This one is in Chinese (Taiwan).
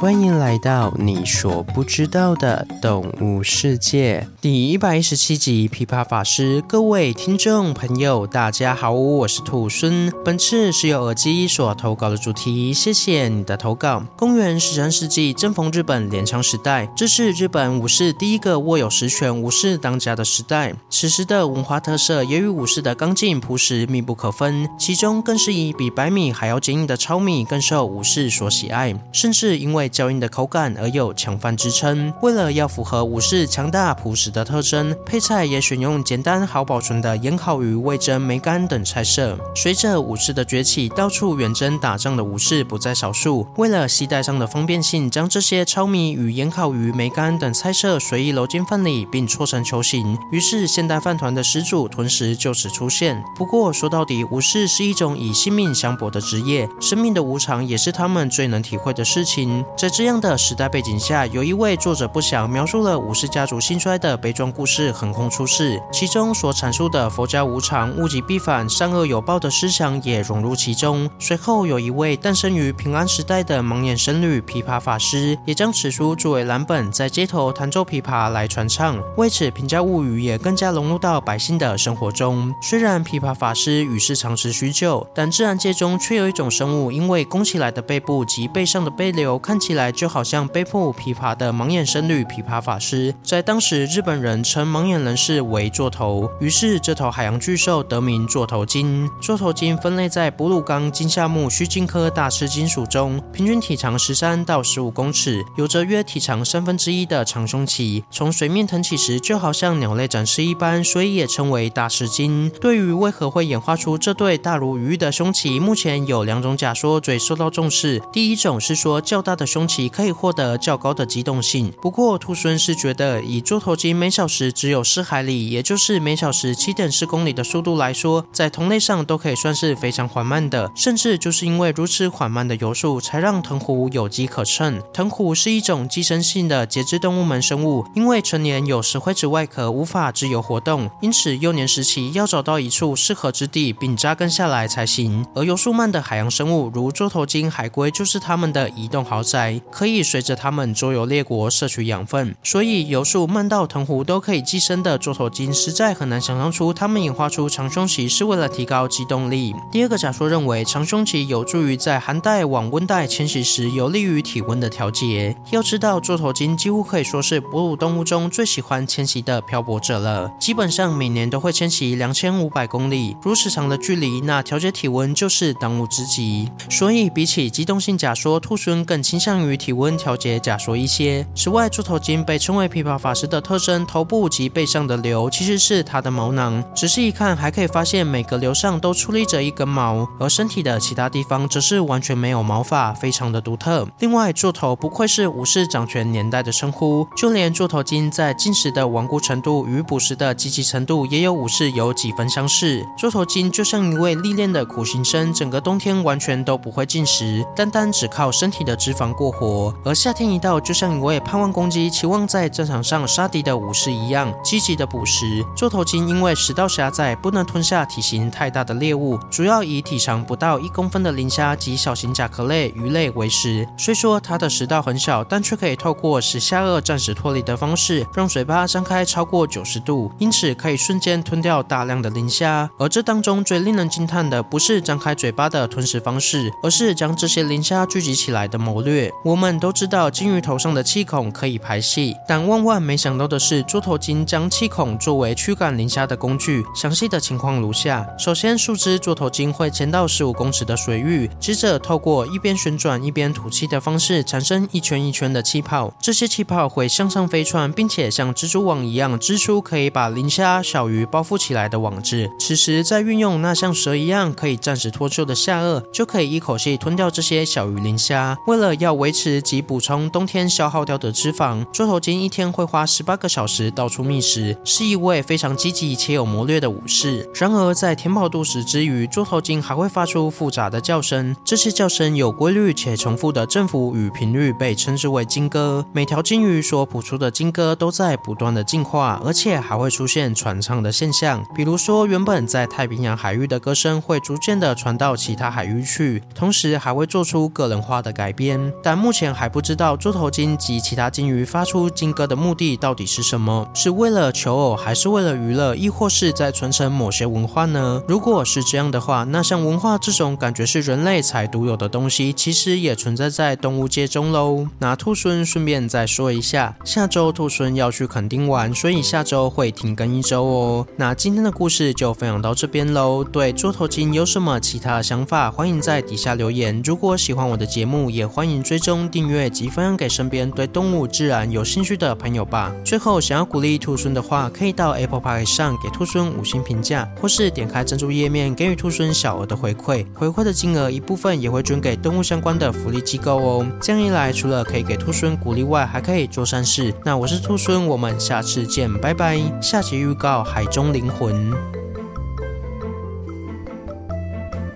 歡迎來到你所不知道的動物世界第一百一十七集《琵琶法師》。各位聽眾朋友，大家好，我是兔猻。本次是由耳機所投稿的主題，謝謝你的投稿。公元十三世紀，正逢日本鐮倉時代，這是日本武士第一個握有實權、武士當家的時代。此時的文化特色也與武士的剛勁樸實密不可分，其中更是以比白米還要堅硬的糙米更受武士所喜愛，甚至因為。較硬的口感，而有強飯之稱。為了要符合武士強大樸實的特徵，配菜也選用簡單好保存的鹽烤魚、味噌、梅乾等菜色。隨着武士的崛起，到處遠征打仗的武士不在少數。為了攜帶上的方便性，將這些糙米與鹽烤魚、梅乾等菜色隨意揉進飯裡，並搓成球形。於是現代飯糰的始祖頓時就此出現。不過說到底，武士是一種以性命相搏的職業，生命的無常也是他們最能體會的事情。在這樣的時代背景下，有一位作者不詳，描述了武士家族興衰的悲壯故事橫空出世。其中所闡述的佛家無常、物極必反、善惡有報的思想也融入其中。隨後，有一位誕生於平安時代的盲眼僧侶琵琶法師，也將此書作為藍本，在街頭彈奏琵琶來傳唱。為此，平家物語也更加融入到百姓的生活中。雖然琵琶法師與世長辭許久，但自然界中卻有一種生物，因為弓起來的背部及背上的背瘤，看起起來就好像背負琵琶的盲眼僧侶，琵琶,琶法師在當時日本人稱盲眼人士為座頭，於是這頭海洋巨獸得名座頭鯨。座頭鯨分類在哺乳綱鯨下目須鯨科大翅鯨屬中，平均體長十三到十五公尺，有着約體長三分之一的長胸鰭，從水面騰起時就好像鳥類展翅一般，所以也稱為大翅鯨。對於為何會演化出這對大如魚的胸鰭，目前有兩種假說最受到重視。第一種是說較大的胸其可以獲得較高的機動性。不過，兔猻是覺得以座頭鯨每小時只有四海里，也就是每小時七點四公里的速度來說，在同類上都可以算是非常緩慢的。甚至就是因為如此緩慢的游速，才讓藤壺有機可乘。藤壺是一種寄生性的節肢動物門生物，因為成年有石灰質外殼，無法自由活動，因此幼年時期要找到一處適合之地並扎根下來才行。而游速慢的海洋生物，如座頭鯨、海龜，就是它們的移動豪宅。可以隨着它們周遊列國攝取養分，所以游速慢到藤壺都可以寄生的座頭鯨，實在很難想象出它們演化出長胸鰭是為了提高機動力。第二個假說認為，長胸鰭有助於在寒帶往溫帶遷徙時有利於體溫的調節。要知道，座頭鯨幾乎可以說是哺乳動物中最喜歡遷徙的漂泊者了，基本上每年都會遷徙兩千五百公里，如此長的距離，那調節體溫就是當務之急。所以，比起機動性假說，兔猻更傾向。善於體溫調節假說一些。此外，座頭鯨被稱為琵琶法師的特徵，頭部及背上的瘤其實是它的毛囊。仔細一看，還可以發現每個瘤上都矗立着一根毛，而身體的其他地方則是完全沒有毛髮，非常的獨特。另外，座頭不愧是武士掌權年代的稱呼，就連座頭鯨在進食的頑固程度與捕食的積極程度，也有武士有幾分相似。座頭鯨就像一位歷練的苦行僧，整個冬天完全都不會進食，單單只靠身體的脂肪，過活，而夏天一到，就像一位盼望攻擊、期望在戰場上殺敵的武士一樣，積極的捕食。座頭鯨因為食道狹窄，不能吞下體型太大的獵物，主要以體長不到一公分的磷蝦及小型甲殼類、魚類為食。雖說它的食道很小，但卻可以透過使下顎暫時脫離的方式，讓嘴巴張開超過九十度，因此可以瞬間吞掉大量的磷蝦。而這當中最令人驚嘆的，不是張開嘴巴的吞食方式，而是將這些磷蝦聚集起來的謀略。我們都知道鯨魚頭上的氣孔可以排氣，但萬萬沒想到的是，座頭鯨將氣孔作為驅趕磷蝦的工具。詳細的情況如下：首先，數隻，座頭鯨會潛到十五公尺的水域，接着透過一邊旋轉一邊吐氣的方式，產生一圈一圈的氣泡。這些氣泡會向上飛竄，並且像蜘蛛網一樣織出可以把磷蝦、小魚包覆起來的網子。此時，再運用那像蛇一樣可以暫時脫臼的下顎，就可以一口氣吞掉這些小魚、磷蝦。為了要，維持及補充冬天消耗掉的脂肪，座頭鯨一天會花十八個小時到處覓食，是一位非常積極且有謀略的武士。然而，在填飽肚子之餘，座頭鯨還會發出複雜的叫聲，這些叫聲有規律且重複的振幅與頻率被稱之為鯨歌。每條鯨魚所譜出的鯨歌都在不斷的進化，而且還會出現傳唱的現象，比如說原本在太平洋海域的歌聲會逐漸的傳到其他海域去，同時還會做出個人化的改編。但目前還不知道座頭鯨及其他鯨魚發出鯨歌的目的到底是什麼？是為了求偶，還是為了娛樂，亦或是在傳承某些文化呢？如果是這樣的話，那像文化這種感覺是人類才獨有的東西，其實也存在在動物界中嘍。那兔猻順便再說一下，下周兔猻要去墾丁玩，所以下周會停更一周哦。那今天的故事就分享到這邊嘍。對座頭鯨有什麼其他想法，歡迎在底下留言。如果喜歡我的節目，也歡迎追。中訂閱及分享給身邊對動物、自然有興趣的朋友吧。最後，想要鼓勵兔猻的話，可以到 Apple Pay 上給兔猻五星評價，或是點開贊助頁面給予兔猻小額的回饋。回饋的金額一部分也會捐給動物相關的福利機構哦。這樣一來，除了可以給兔猻鼓勵外，還可以做善事。那我是兔猻，我們下次見，拜拜。下期預告：海中靈魂。